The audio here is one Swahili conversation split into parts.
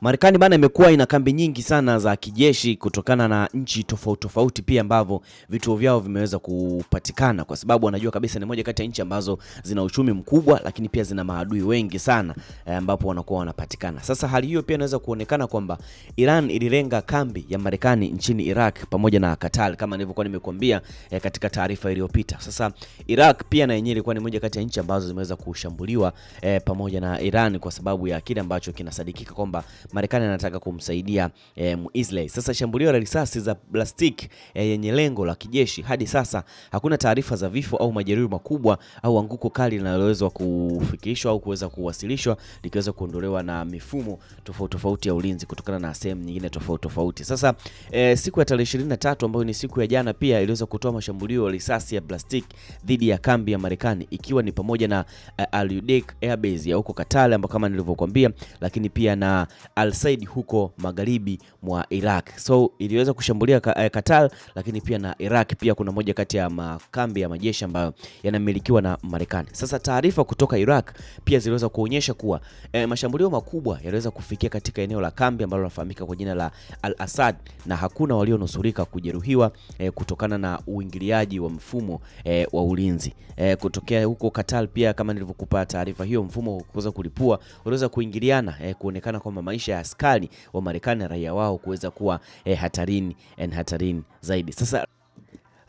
Marekani bana imekuwa ina kambi nyingi sana za kijeshi kutokana na nchi tofauti tofauti pia ambavyo vituo vyao vimeweza kupatikana, kwa sababu wanajua kabisa ni moja kati ya nchi ambazo zina uchumi mkubwa, lakini pia zina maadui wengi sana eh, ambapo wanakuwa wanapatikana. Sasa hali hiyo pia inaweza kuonekana kwamba Iran ililenga kambi ya Marekani nchini Iraq pamoja na Qatar kama nilivyokuwa nimekuambia eh, katika taarifa iliyopita. Sasa Iraq pia na yenyewe ilikuwa ni moja kati ya nchi ambazo zimeweza kushambuliwa eh, pamoja na Iran kwa sababu ya kile ambacho kinasadikika kwamba Marekani anataka kumsaidia eh, Israel. Sasa shambulio la risasi za plastiki eh, yenye lengo la kijeshi, hadi sasa hakuna taarifa za vifo au majeruhi makubwa au anguko kali linaloweza kufikishwa au kuweza kuwasilishwa likiweza kuondolewa na mifumo tofauti tofauti ya ulinzi kutokana na sehemu nyingine tofauti tofauti. Sasa eh, siku ya tarehe 23 ambayo ni siku ya jana pia iliweza kutoa mashambulio ya risasi ya plastiki dhidi ya kambi ya Marekani ikiwa ni pamoja na eh, Al Udeid Airbase ya huko Katale ambapo kama nilivyokuambia, lakini pia na Al-Said huko magharibi mwa Iraq. So iliweza kushambulia eh, Qatar, lakini pia na Iraq pia kuna moja kati ya makambi ya majeshi ambayo yanamilikiwa na Marekani. Sasa taarifa kutoka Iraq pia ziliweza kuonyesha kuwa e, mashambulio makubwa yaliweza kufikia katika eneo la kambi ambalo linafahamika kwa jina la Al-Asad na hakuna walionusurika kujeruhiwa e, kutokana na uingiliaji wa mfumo e, wa ulinzi. E, kutokea huko Qatar pia kama nilivyokupa taarifa hiyo mfumo kuweza kulipua uliweza kuingiliana e, kuonekana kwamba maisha maisha askari wa Marekani na raia wao kuweza kuwa eh, hatarini and hatarini zaidi sasa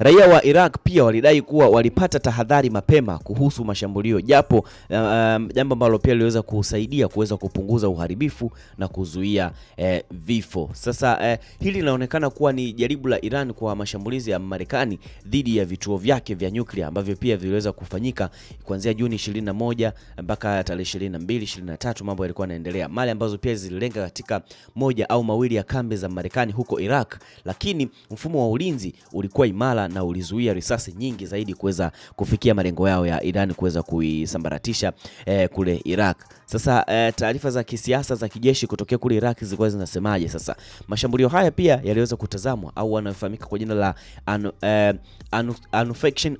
Raia wa Iraq pia walidai kuwa walipata tahadhari mapema kuhusu mashambulio japo um, jambo ambalo pia liliweza kusaidia kuweza kupunguza uharibifu na kuzuia eh, vifo. Sasa eh, hili linaonekana kuwa ni jaribu la Iran kwa mashambulizi ya Marekani dhidi ya vituo vyake vya nyuklia ambavyo pia viliweza kufanyika kuanzia Juni 21 mpaka tarehe 22, 23, mambo yalikuwa yanaendelea. Mali ambazo pia zililenga katika moja au mawili ya kambi za Marekani huko Iraq, lakini mfumo wa ulinzi ulikuwa imara na ulizuia risasi nyingi zaidi kuweza kufikia malengo yao ya Iran kuweza kuisambaratisha eh, kule Iraq. Sasa eh, taarifa za kisiasa za kijeshi kutokea kule Iraq zilikuwa zinasemaje? Sasa mashambulio haya pia yaliweza kutazamwa au wanaofahamika kwa jina la anu, eh,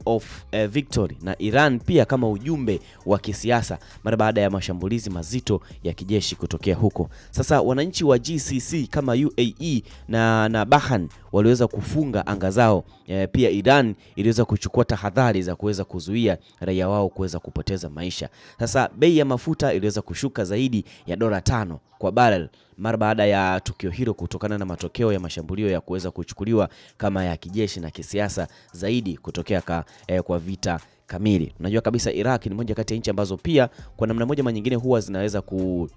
of eh, victory na Iran pia kama ujumbe wa kisiasa mara baada ya mashambulizi mazito ya kijeshi kutokea huko. Sasa wananchi wa GCC kama UAE na, na Bahrain waliweza kufunga anga zao eh, pia Iran iliweza kuchukua tahadhari za kuweza kuzuia raia wao kuweza kupoteza maisha. Sasa bei ya mafuta iliweza kushuka zaidi ya dola tano kwa barrel mara baada ya tukio hilo, kutokana na matokeo ya mashambulio ya kuweza kuchukuliwa kama ya kijeshi na kisiasa zaidi kutokea ka, eh, kwa vita kamili. Unajua kabisa Iraq ni moja kati ya nchi ambazo pia kwa namna moja manyingine huwa zinaweza ku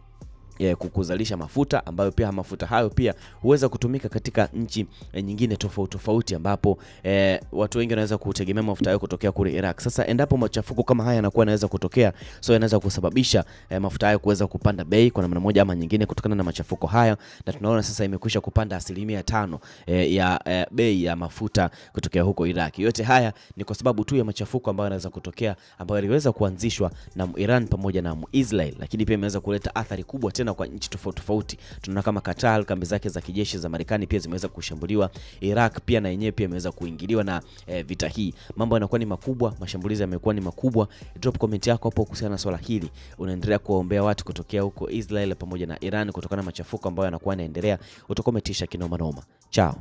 kuzalisha mafuta ambayo pia mafuta hayo pia huweza kutumika katika nchi eh, nyingine tofauti tofauti, ambapo e, watu wengi wanaweza kutegemea mafuta hayo kutokea kule Iraq. Sasa endapo machafuko kama haya yanakuwa yanaweza kutokea, so yanaweza kusababisha e, mafuta hayo kuweza kupanda bei kwa namna moja ama nyingine kutokana na machafuko haya, na tunaona sasa imekwisha kupanda asilimia tano e, ya e, bei ya mafuta kutokea huko Iraq. Yote haya ni kwa sababu tu ya machafuko ambayo yanaweza kutokea ambayo yaliweza kuanzishwa na Iran pamoja na Israel, lakini pia imeweza kuleta athari kubwa tena kupatikana kwa nchi tofauti tofauti. Tunaona kama Qatar, kambi zake za kijeshi za Marekani pia zimeweza kushambuliwa. Iraq pia na yenyewe pia imeweza kuingiliwa na e, vita hii. Mambo yanakuwa ni makubwa, mashambulizi yamekuwa ni makubwa. Drop comment yako hapo kuhusiana na swala hili. Unaendelea kuwaombea watu kutokea huko Israel pamoja na Iran kutokana na machafuko ambayo yanakuwa yanaendelea. Utakuwa umetisha kinoma noma. Chao.